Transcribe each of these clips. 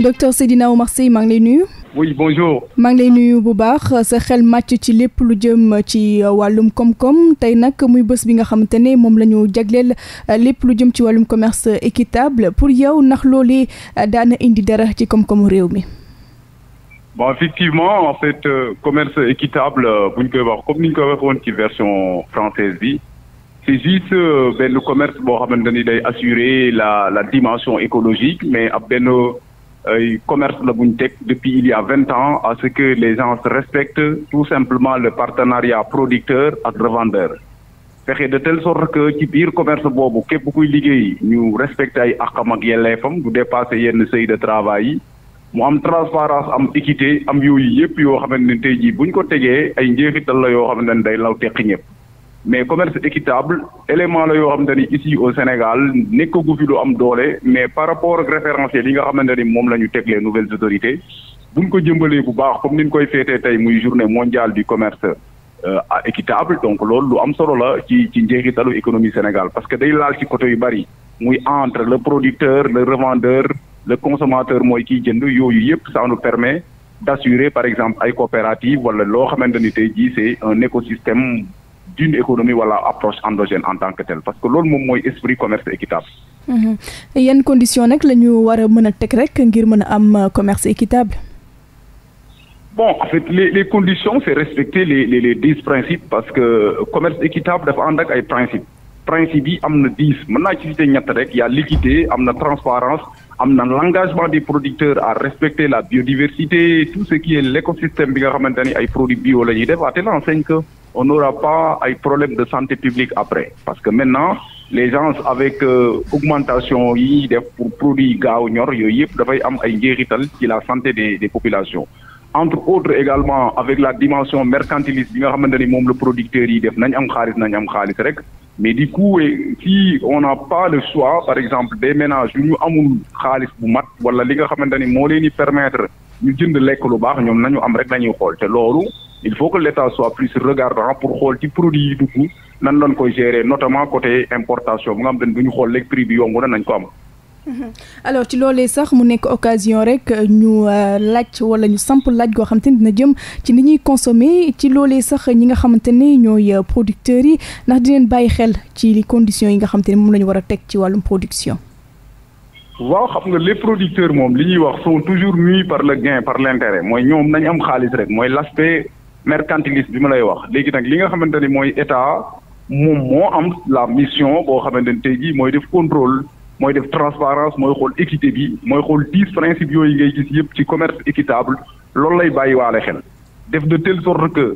docteur Seydina Oumar Seye maa ngi lay nuyu. oui bonjour. maa ngi lay nuyu bu baax sa xel màcc ci lépp lu jëm ci wàllum koom-koom tey nag muy bés bi nga xamante ne moom la ñu jagleel euh, lépp lu jëm ci wàllum commerce équitable pour yow ndax loolee euh, daana indi dara ci koom-koomu réew mi. bon effectivement en fait euh, commerce équitable euh, bu ñu koy wax comme ni ñu ci version française bi. c'est juste benn commerce boo xamante ni day assurer la la dimension écologique mais ab benn. ay commerce la bu ñu teg depuis il y a vingt ans à ce que les gens respectent tout simplement le partenariat producteur ak revendeur fexe de telle sorte que ci biir commerce boobu képp kuy liggéey ñu respecté ay àqam ak yelleefam du dépasser yenn seuil de travail yi mu am transparence am équité am yooyu yëpp yoo xamante ne tey jii bu ñu ko tegee ay njeexital la yoo xamante ne day law teqi ñëpp mais commerce équitable élément la yoo xamante ni ici au Sénégal nekkagu fi lu am doole mais par rapport ak li nga xamante ni moom la ñu teg les nouvelles autorités buñ ko jëmbalee bu baax comme ni ñu koy féetee tey muy journée mondiale du commerce euh, équitable donc loolu lu am solo la ci ci njeexitalu économie Sénégal parce que day laal ci côté yu bari muy entre le producteur le revendeur le consommateur mooy kiy jënd yooyu yëpp ça nous permet d'assurer par exemple ay coopératives wala loo xamante ni tey jii c'est un écosystème d'une économie wala voilà, approche endogène en tant que telle parce que loolu moom mooy esprit commerce équitable. Mhm. yan condition nag la ñu war mën a teg rek ngir mën a am euh, commerce équitable. bon en fait les les conditions c'est respecter les les les dix parce que commerce équitable dafa ànd ak ay principes principes yi am na dix mën naa ci cité ñett rek y a l'équité am na transparence am na l'engagement des producteurs à respecter la biodiversité tout ce qui est l'écosystème bi nga xamante ni ay produits bio la ñuy def à telle enseigne que on n'aura pas ay problème de santé publique après parce que maintenant les gens avec euh, augmentation yi def pour produit gaaw ñor yooyu yëpp dafay am ay njeexital ci la santé des des populations entre autres également avec la dimension mercantiliste bi nga xamante ni moom le producteur yi def nañ am xaalis nañ am xaalis rek mais du coup eh, si on n'a pas le choix par exemple des ménages yu ñu amul xaalis bu mat wala li nga xamante ni moo leen di permettre ñu jënd lekk lu baax ñoom nañu am rek la ñuy xool te loolu il faut que l' état soit plus regardant pour xool ci produit yi dugg nan lañ koy gérer notamment côté importation bu nga xam ne du ñu xool léegi prix bi yomb na nañ ko am. Mhm. alors ci loolee sax mu nekk occasion rek ñu euh, laaj wala ñu samp laaj goo xam xamante ni dina jëm ci ni ñuy consommer ci loolee sax ñi nga xamante ne ñooy euh, producteurs yi ndax di leen bàyyi xel ci conditions yi nga xamante ne moom la ñu war a teg ci wàllum production. waaw xam nga les producteurs moom li ñuy wax toujours munis par le gain par l' mooy ñoom nañ am xaalis rek mooy l' mercantilisme bi ma lay wax léegi nag li nga xamante ni mooy état moom moo am la mission boo xamante ni tey jii mooy def contrôle mooy def transparence mooy xool équité bi mooy xool dix principes yooyu ngay gis yëpp ci commerce équitable loolu lay bàyyi waale xel def de telle sorte que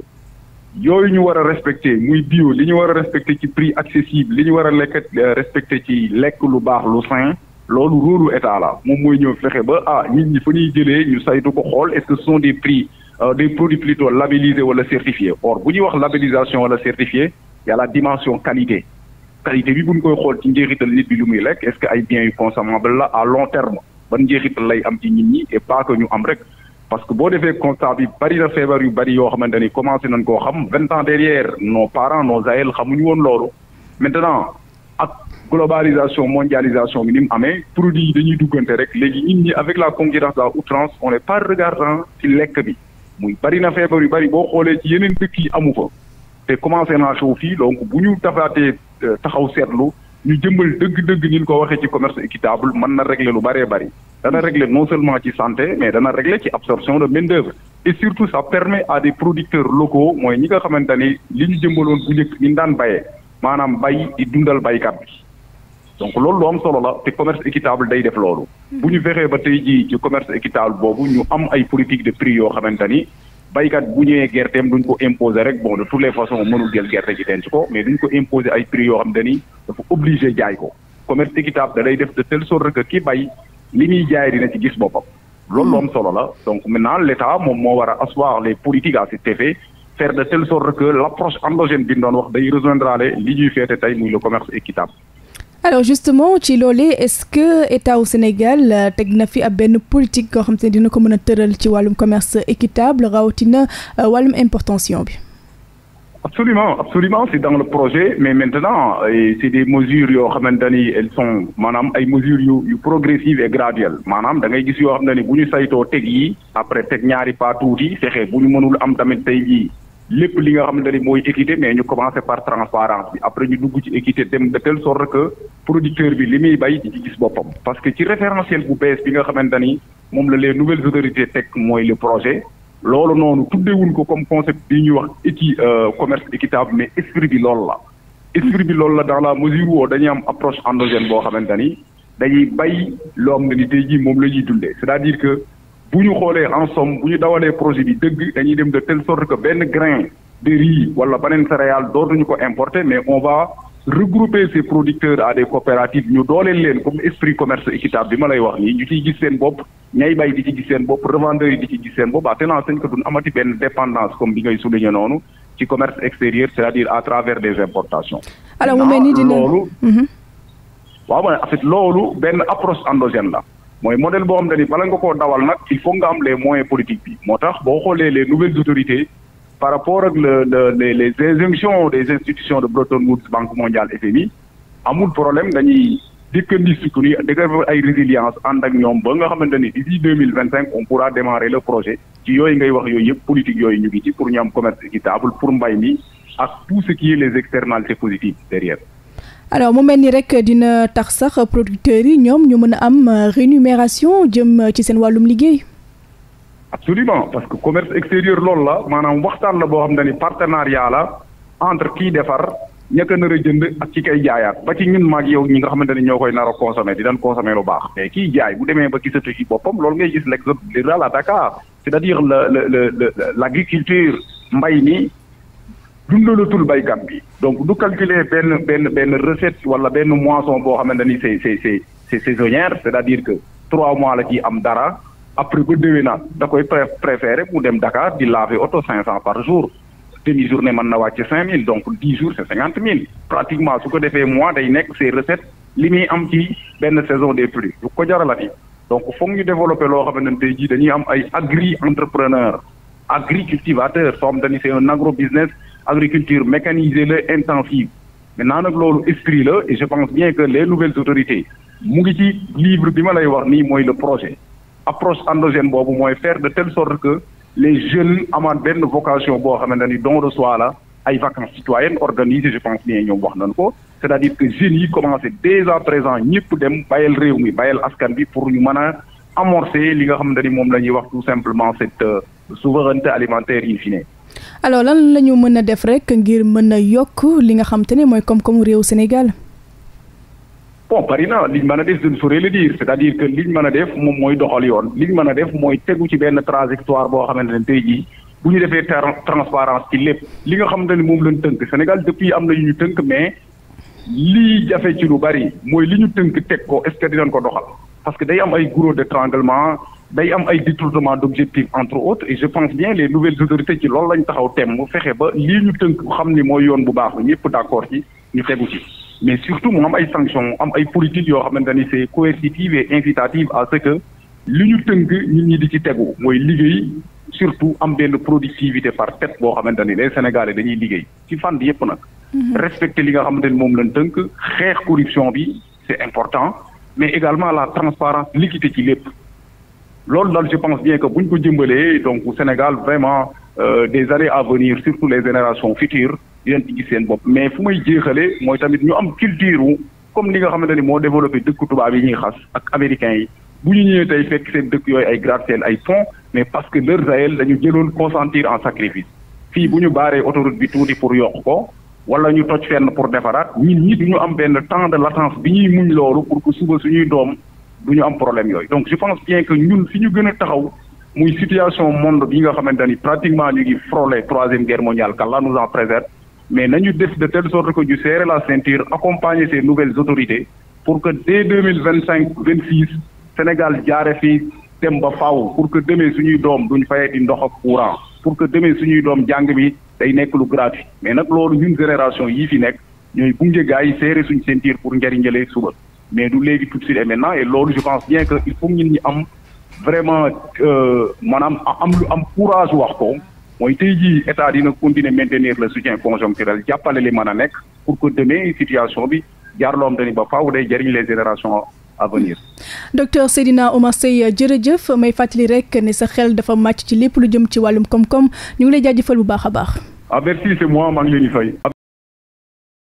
yooyu ñu war a respecté muy bio li ñu war a respecté ci prix accessible li ñu war a lekk euh, respecté ci lekk lu baax lu sain loolu rôlu état la moom mooy ñëw fexe ba ah nit ñi fa ñuy jëlee ñu saytu ko xool est-ce que ce sont Euh, des produits plutôt labellisés wala certifiés or bu ñuy wax labellisation wala certifié y la dimension qualité qualité bi buñ koy xool ci njeexital nit bi lu muy lekk est-ce que ay biens yu consommables la à long terme ban njeexital lay am ci nit ñi et pas que ñu am rek parce que boo defee constat bi bari feebar yu bari yoo xamante ni commencé nañ koo xam vingt ans derrière nos parents nos aïeux xamuñu woon loolu maintenant ak globalisation mondialisation bi ni mu amee produit yi dañuy duggante rek léegi nit ñi avec la concurrence à outrance on n'est pas lekk bi muy bari na feebar yu bari boo xoolee ci yeneen dëkk yi amu fa te commencé naa xew fii donc bu ñu tafaatee euh, taxaw seetlu ñu jëmbal dëgg-dëgg ni ko waxee ci commerce équitable man na régler lu bëree bëri dana régler non seulement ci santé mais dana régler ci absorption de main d'œuvre et surtout ça permet à des producteurs locaux mooy ñi nga xamante ni li ñu jëmbaloon bu njëkk ñu daan bayee maanaam bay di dundal baykat donc loolu lu am solo la te commerce équitable day def loolu. Mhm. bu ñu fexee ba tey jii ci commerce équitable boobu ñu am ay politique de prix yoo xamante ni baykat bu ñëwee gerteem duñ ko imposer rek bon de toutes les façons mënul jël gerte ji denc ko mais duñ ko imposer ay prix yoo xamante ni dafa obligé jaay ko commerce équitable da day def de telle sorte que ki bay li muy jaay dina ci gis boppam. loolu lu am mhm. solo la donc maintenant l' état moom moo war a les politiques doon wax day rejoindre li ñuy féete tey alors justement ci loolee est-ce que état au Sénégal euh, teg na fi ab benn politique koo xam te ne dina ko mën a tëral ci wàllum commerce équitable rawatina euh, wàllum importation bi. absolument absolument c'est dans le projet mais maintenant euh, c'est des mesures yoo xamante ni elles maanaam ay mesures yu yu progressives et graduelles maanaam da ngay gis yoo xam ne ni bu ñu saytoo teg yi après teg ñaari pas tuuti fexe bu ñu mënul am tamit tey jii lépp li nga xamante ni mooy équité mais ñu commencé par transparence bi après ñu dugg ci équité dem de telle sorte que producteur bi li muy bay di ci gis boppam parce que ci référentiel bu bees bi nga xamante ni moom la les nouvelles autorités teg mooy le projet loolu noonu tuddewuñ ko comme concept bi ñuy wax équi euh, commerce équitable mais esprit bi loolu la esprit bi loolu la dans la mesure woo dañuy am approche endogène boo xamante ni dañuy bay loo xam ne ni tey jii moom la ñuy dundee c'est-à-dire que bu ñu xoolee en somme bu ñu dawalee projet bi dëgg dañuy dem de telle sorte que benn grain de riz wala beneen céréale dootuñu ko importer mais on va regrouper ces producteurs à des coopératives ñu dooleel leen comme esprit commerce équitable bi ma lay wax nii ñu ciy gis seen bopp ñay bay di ci gis seen bopp revendeurs yi di ci gis seen bopp à telle enseigne que duñ amati benn dépendance comme bi ngay souligné noonu ci commerce extérieur c'est-à-dire à travers des importations. alors mu mel loolu. Mhm. waaw mooy en fait loolu la. mooy modèle boo xam ne ni bala nga koo dawal nag il faut nga am le moyens politiques bi moo tax boo xoolee les nouvelles autorités par rapport ak le le les des institutions de Bretton Woods Banque mondiale FMI amul problème dañuy dikkandi sukkandiku dëgg ay résilience ànd ak ñoom ba nga xamante ni d'ici deux mille vingt cinq on pourra démarrer le projet ci yooyu ngay wax yooyu yëpp politique yooyu ñu ngi ci pour ñu am commerce équitable pour mbay mi ak tout ce qui est les alors mu mel nii rek dina tax sax producteurs yi ñoom ñu mën a am euh, rémunération jëm euh, ci seen wàllum liggéey. absolument parce que commerce extérieur loolu la maanaam waxtaan la boo xam ne ni partenariat la entre kii defar ña ko nar a jënd ak ci kay jaayaat ba ci ñun maag yow ñi nga xamante ne ñoo koy nar a consommer di daan consommer lu baax. mais ki jaay bu demee ba gisatu ki boppam loolu ngay gis l'exode rural à Dakar c'est-à-dire la la la l'agriculture mbay mi. dundalatul baykat bi donc du calculer benn benn benn recette wala benn mois moisson boo xamante ni c'est c'est c'est saisonnière c'est-à-dire que trois mois la ciy am dara après ba déwénaat da koy préféré mu dem Dakar di laver oto cinq cent par jour demi journée mën na wàcc cinq mille donc dix jours c'est cinquante mille pratiquement su ko defee mois day nekk ces recettes li muy am ci benn saison des plus du ko jaralati donc foog ñu développer loo xamante ne tey jii dañuy am ay agri entrepreneur agri cultivateur soo xamante ni c'est un agro business agriculture mécanisée la intensive maintenant nag loolu esprit la et je pense bien que les nouvelles autorités mu ngi ci livre bi ma lay wax nii mooy le projet approche endogène boobu mooy faire de telle sorte que les jeunes amaat benn vocation boo xamante ni don de soi la ay vacances citoyennes organisées je pense bien ñoom wax nañu ko c'est-à-dire que jeunes yi commencé dès à présent ñëpp dem bàyyil réew mi bàyyil askan bi pour ñu mën a amorcer li nga xamante ni moom la ñuy wax tout simplement cette euh, souveraineté alimentaire in fine alors lan la ñu mën a def rek ngir mën a yokk li nga xam te ne mooy comme koomu réew Sénégal. bon bari na liñ mën a def je four saurais le dire c'est-à-dire que liñ mën a def moom mooy doxal yoon liñ mën a def mooy tegu ci benn trajectoire boo xamante ne tey jii bu ñu defee transparence ci lépp li nga xamante ne moom lañ tënk Sénégal depuis am na yu ñu tënk mais lii jafe ci lu bari mooy li ñu tënk teg ko est-ce que ko doxal parce que day am ay goulot d'étranglement day am ay détournement d'objectif entre autres et je pense bien les nouvelles autorités ci loolu lañ taxaw tem mu fexe ba lii ñu tënk xam ni mooy yoon bu baax bi ñëpp d'accord ci ñu tegu ci mais surtout mu am ay sanctions mu am ay politiques yoo xamante ni c'est coercitive et incitative à ce que li ñu tënk ñun ñi di ci tegu mooy liggéey surtout am benn productivité par tête boo xamante ni les Sénégalais dañuy liggéey ci fànn yépp nag. Mm-hmm. respecter li nga xamante ni moom lañ tënk xeex corruption bi c'est important mais également la transparence l'équité ci lépp. loolu daal je pense bien ko bu ñu ko jëmbalee donc Sénégal vraiment euh, des années à venir surtout les générations futures dinañ ci gis seen bopp mais fu may jeexalee mooy tamit ñu am culture comme ni nga xamante ni moo développé dëkk tubaab yi ñuy xas ak américains yi bu ñu ñëwee tey fekk seen dëkk yooyu ay gratte ay pont mais parce que leurs aïeux dañu jëloon consentir en sacrifice fi bu ñu baaree autoroute bi tuuti pour yokk ko wala ñu toj fenn pour defaraat ñun ñi du ñu am benn temps de latence bi ñuy muñ loolu pour que suñuy doom. du ñu am problème yooyu donc je pense bien que ñun fi ñu gën a taxaw muy situation monde bi nga xamante ni pratiquement ñu ngi frôler troisième guerre mondiale qu'Allah nous en préserve mais ñu def de telle sorte que ñu serrer la ceinture accompagner ces nouvelles autorités pour que dès deux mille vingt cinq vingt six Sénégal jaare fi dem ba faaw pour que demee suñuy doom duñ fayeti ndox ak courant pour que demee suñuy doom jàng bi day nekk lu gratuit mais nag loolu ñun génération yii fi nekk ñooy gunge gars yi serrer suñ ceinture pour njëriñale suba. mais du léegi tout de suite loolu je pense bien que il faut ñun ñu am vraiment euh, maanaam am lu am courage wax ko mooy tey jii état dina continuer maintenir le soutien conjoncturel jàppale li mën a nekk pour que demain situation bi jaar loo am te ni ba faaw day jëriñ les générations à venir. docteur Seydina Oumar Seye jërëjëf may fàttali rek ni sa xel dafa màcc ci lépp lu jëm ci wàllum koom-koom ñu ngi lay jaajëfal bu baax a baax. averti merci c'est moi maa ngi leen di fay.